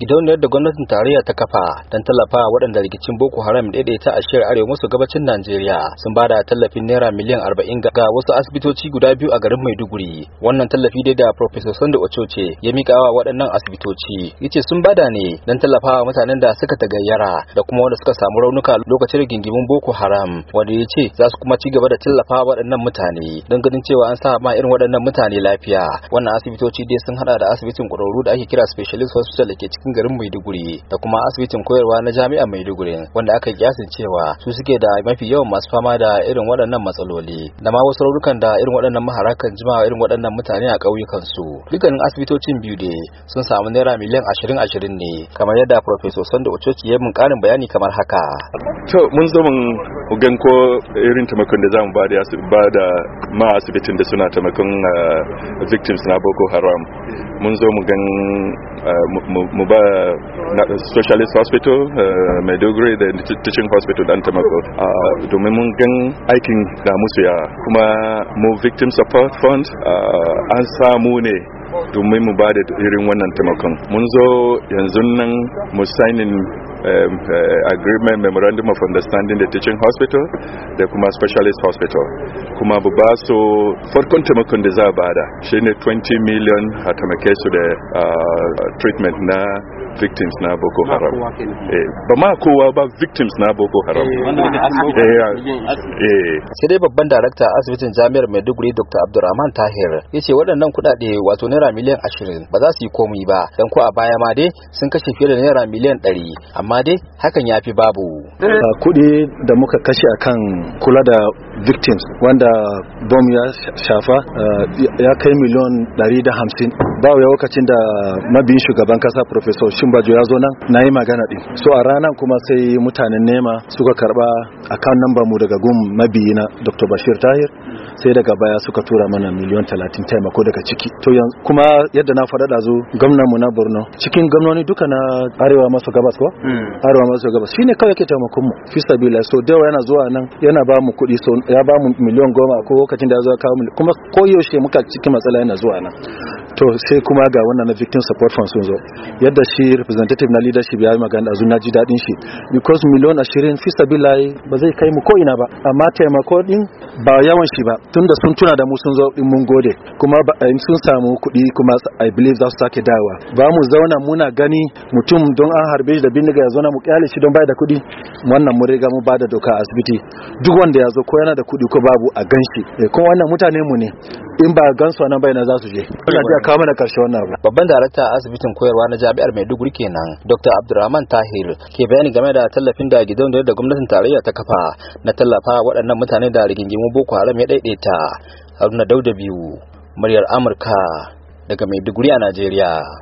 gidauniyar da gwamnatin tarayya ta kafa don tallafa waɗanda rikicin boko haram daidaita a shirar arewa maso gabacin najeriya sun ba da tallafin naira miliyan arba'in ga wasu asibitoci guda biyu a garin maiduguri wannan tallafi dai da professor sanda ochoce ya mika wa waɗannan asibitoci Ya ce sun bada ne don tallafa wa mutanen da suka tagayyara da kuma wanda suka samu raunuka lokacin rigingimin boko haram wanda ya ce za su kuma ci gaba da tallafa waɗannan mutane don ganin cewa an sa ma irin waɗannan mutane lafiya wannan asibitoci dai sun haɗa da asibitin ƙwararru da ake kira specialist hospital da ke cikin garin Maiduguri da kuma asibitin koyarwa na jami'ar Maiduguri wanda aka kiyasin cewa su suke da mafi yawan masu fama da irin waɗannan matsaloli da ma wasu raunukan da irin waɗannan maharakan jima'a irin waɗannan mutane a ƙauyukan su dukkanin asibitocin biyu ne sun samu naira miliyan ashirin ashirin ne kamar yadda Professor Sanda Ochochi ya mun ƙarin bayani kamar haka. To mun zo mun gan ko irin taimakon da zamu mu bada ba da ma asibitin da suna taimakon eh, victims na Boko Haram mun zo mu gan eh, mu ba socialist hospital eh, maiduguri da teaching hospital dan tamako ah, domin mun gan aikin da musu ya kuma mu victim support fund ah, an samu ne domin mu ba da irin wannan taimakon mun zo yanzu nan mu signing eh, agreement memorandum of understanding da teaching hospital da kuma specialist hospital kuma bu ba su farkon taimakon da za a bada shine 20 million a taimake su da ah, treatment na victims na boko haram eh, ba ma kowa ba victims na boko haram eh, eh, sai dai babban darakta asibitin jami'ar maiduguri dr abdurrahman tahir ya ce waɗannan kuɗaɗe wato naira miliyan ashirin ba za su yi komi ba don ko a baya ma dai sun kashe fiye da naira miliyan ɗari amma dai hakan ya fi babu ah, kuɗi da muka kashe akan kula da victims wanda da bom ya shafa eh, ya kai miliyon 150 ba ya lokacin da mabiyin shugaban kasa professor shimbajo ya zo nan na yi magana din so a ranar kuma sai mutanen nema suka karba akan namba mu daga gun mabiyina dr bashir tahir sai daga baya suka tura mana miliyon talatin taimako daga ciki to kuma yadda na faɗa da zo gwamnan mu na borno cikin gwamnoni duka na arewa maso gabas ko hmm. arewa maso gabas shine kawai yake taimakon mu fi sabila so da yana zuwa nan yana ba mu kuɗi so ya ba mu miliyon goma ko lokacin da ya zo kawo kuma koyaushe muka cikin matsala yana zuwa nan to sai kuma ga wannan na victim support fund sun zo yadda shi representative na leadership ya yi magana azu na ji daɗin shi because miliyon ashirin fi sabilayi ba zai kai mu ko ina ba amma taimako din ba yawan shi ba tunda sun tuna da mu sun zo din mun gode kuma sun samu kuɗi kuma i believe za su sake dawa ba mu zauna muna gani mutum don an harbe shi da bindiga ya zauna mu kyale shi don bai da kuɗi wannan mu riga mu bada doka a asibiti duk wanda ya zo ko yana da kuɗi ko babu a ganshi eh, kuma wannan mutane mu ne in ba gansu nan bai na za su je ina ji kawo mana karshe wannan abu babban darakta a asibitin koyarwa na jami'ar Maiduguri kenan Dr. Abdulrahman Tahir ke bayani game da tallafin da gidauniyar da gwamnatin tarayya ta kafa na tallafa waɗannan mutane da rigingimu Boko Haram ya daidaita Haruna Dauda biyu muryar Amurka daga Maiduguri a Najeriya